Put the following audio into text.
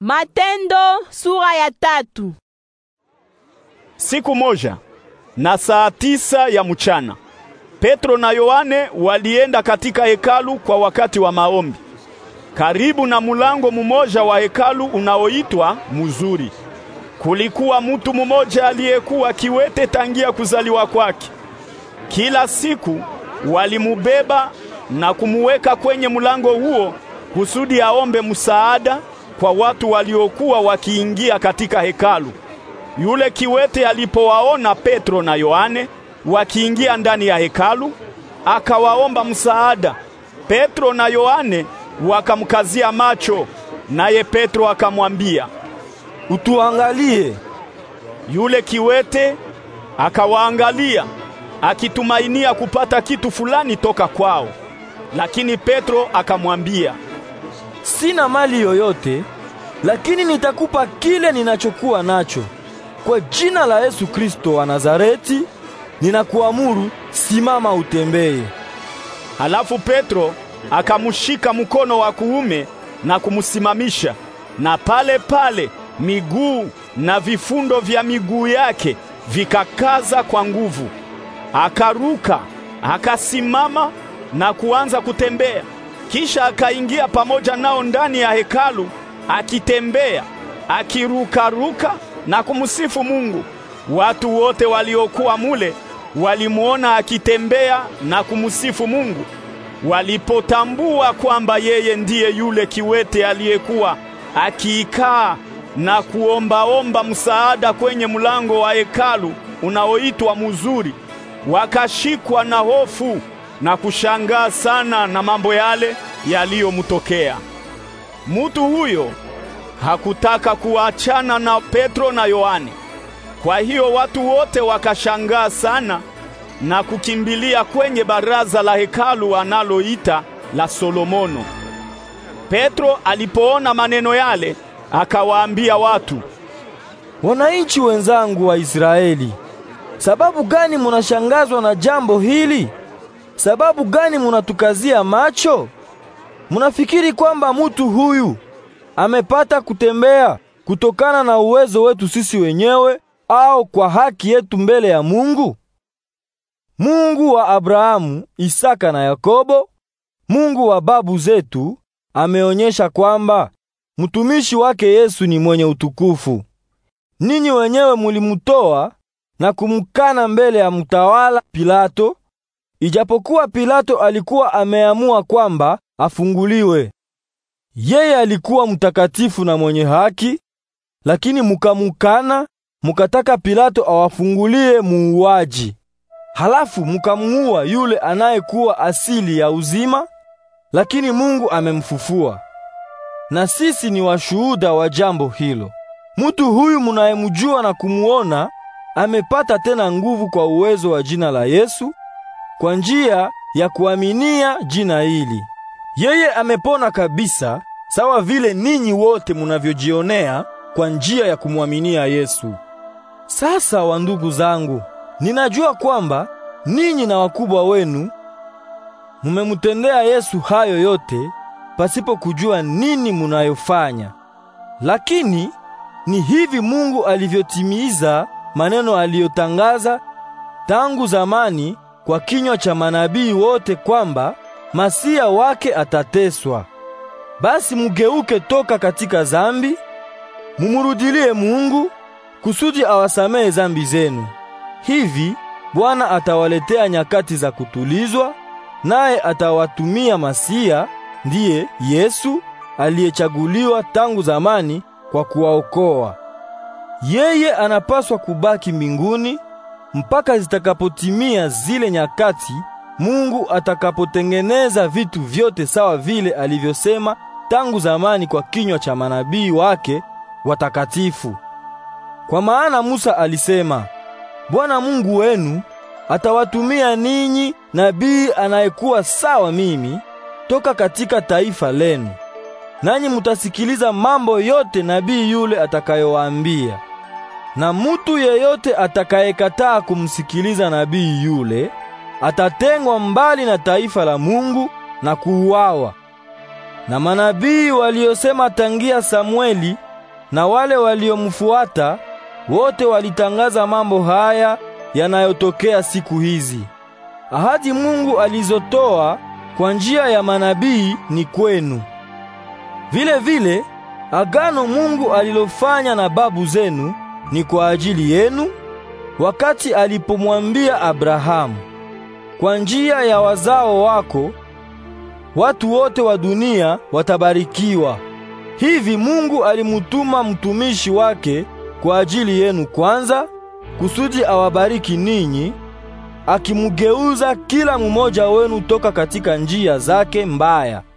Matendo sura ya tatu. Siku moja na saa tisa ya mchana Petro na Yohane walienda katika hekalu kwa wakati wa maombi, karibu na mulango mumoja wa hekalu unaoitwa Muzuri. Kulikuwa mutu mumoja aliyekuwa kiwete tangia kuzaliwa kwake. Kila siku walimubeba na kumuweka kwenye mulango huo kusudi aombe msaada kwa watu waliokuwa wakiingia katika hekalu. Yule kiwete alipowaona Petro na Yohane wakiingia ndani ya hekalu, akawaomba msaada. Petro na Yohane wakamkazia macho, naye Petro akamwambia, "Utuangalie." Yule kiwete akawaangalia akitumainia kupata kitu fulani toka kwao. Lakini Petro akamwambia, sina mali yoyote, lakini nitakupa kile ninachokuwa nacho. Kwa jina la Yesu Kristo wa Nazareti, ninakuamuru simama, utembee. Halafu Petro akamshika mkono wa kuume na kumsimamisha, na pale pale miguu na vifundo vya miguu yake vikakaza kwa nguvu. Akaruka, akasimama na kuanza kutembea. Kisha akaingia pamoja nao ndani ya hekalu akitembea, akirukaruka na kumsifu Mungu. Watu wote waliokuwa mule walimuona akitembea na kumsifu Mungu. Walipotambua kwamba yeye ndiye yule kiwete aliyekuwa akiikaa na kuombaomba msaada kwenye mlango wa hekalu unaoitwa Muzuri, wakashikwa na hofu na kushangaa sana na mambo yale yaliyomtokea Mutu huyo hakutaka kuachana na Petro na Yohane. Kwa hiyo watu wote wakashangaa sana na kukimbilia kwenye baraza la hekalu analoita la Solomono. Petro alipoona maneno yale, akawaambia watu, wananchi wenzangu wa Israeli, sababu gani munashangazwa na jambo hili? Sababu gani munatukazia macho? Munafikiri kwamba mutu huyu amepata kutembea kutokana na uwezo wetu sisi wenyewe au kwa haki yetu mbele ya Mungu? Mungu wa Abrahamu, Isaka na Yakobo, Mungu wa babu zetu ameonyesha kwamba mtumishi wake Yesu ni mwenye utukufu. Ninyi wenyewe mulimutoa na kumkana mbele ya mtawala Pilato, ijapokuwa Pilato alikuwa ameamua kwamba afunguliwe. Yeye alikuwa mtakatifu na mwenye haki, lakini mukamukana, mukataka Pilato awafungulie muuaji. Halafu mukamuua yule anayekuwa asili ya uzima, lakini Mungu amemfufua. Na sisi ni washuhuda wa jambo hilo. Mutu huyu munayemjua na kumuona amepata tena nguvu kwa uwezo wa jina la Yesu, kwa njia ya kuaminia jina hili. Yeye amepona kabisa sawa vile ninyi wote munavyojionea kwa njia ya kumwaminia Yesu. Sasa wandugu zangu, ninajua kwamba ninyi na wakubwa wenu mumemutendea Yesu hayo yote pasipo kujua nini munayofanya. Lakini ni hivi Mungu alivyotimiza maneno aliyotangaza tangu zamani kwa kinywa cha manabii wote kwamba masia wake atateswa. Basi mugeuke toka katika zambi, mumurudilie Mungu kusudi awasamehe zambi zenu. Hivi Bwana atawaletea nyakati za kutulizwa, naye atawatumia masia, ndiye Yesu aliyechaguliwa tangu zamani kwa kuwaokoa. Yeye anapaswa kubaki mbinguni mpaka zitakapotimia zile nyakati Mungu atakapotengeneza vitu vyote sawa vile alivyosema tangu zamani kwa kinywa cha manabii wake watakatifu. Kwa maana Musa alisema, Bwana Mungu wenu atawatumia ninyi nabii anayekuwa sawa mimi toka katika taifa lenu, nanyi mutasikiliza mambo yote nabii yule atakayowaambia. Na mutu yeyote atakayekataa kumsikiliza nabii yule atatengwa mbali na taifa la Mungu na kuuawa. Na manabii waliosema tangia Samueli na wale waliomfuata wote walitangaza mambo haya yanayotokea siku hizi. Ahadi Mungu alizotoa kwa njia ya manabii ni kwenu. Vile vile agano Mungu alilofanya na babu zenu ni kwa ajili yenu wakati alipomwambia Abrahamu kwa njia ya wazao wako watu wote wa dunia watabarikiwa. Hivi Mungu alimutuma mtumishi wake kwa ajili yenu kwanza kusudi awabariki ninyi, akimugeuza kila mmoja wenu toka katika njia zake mbaya.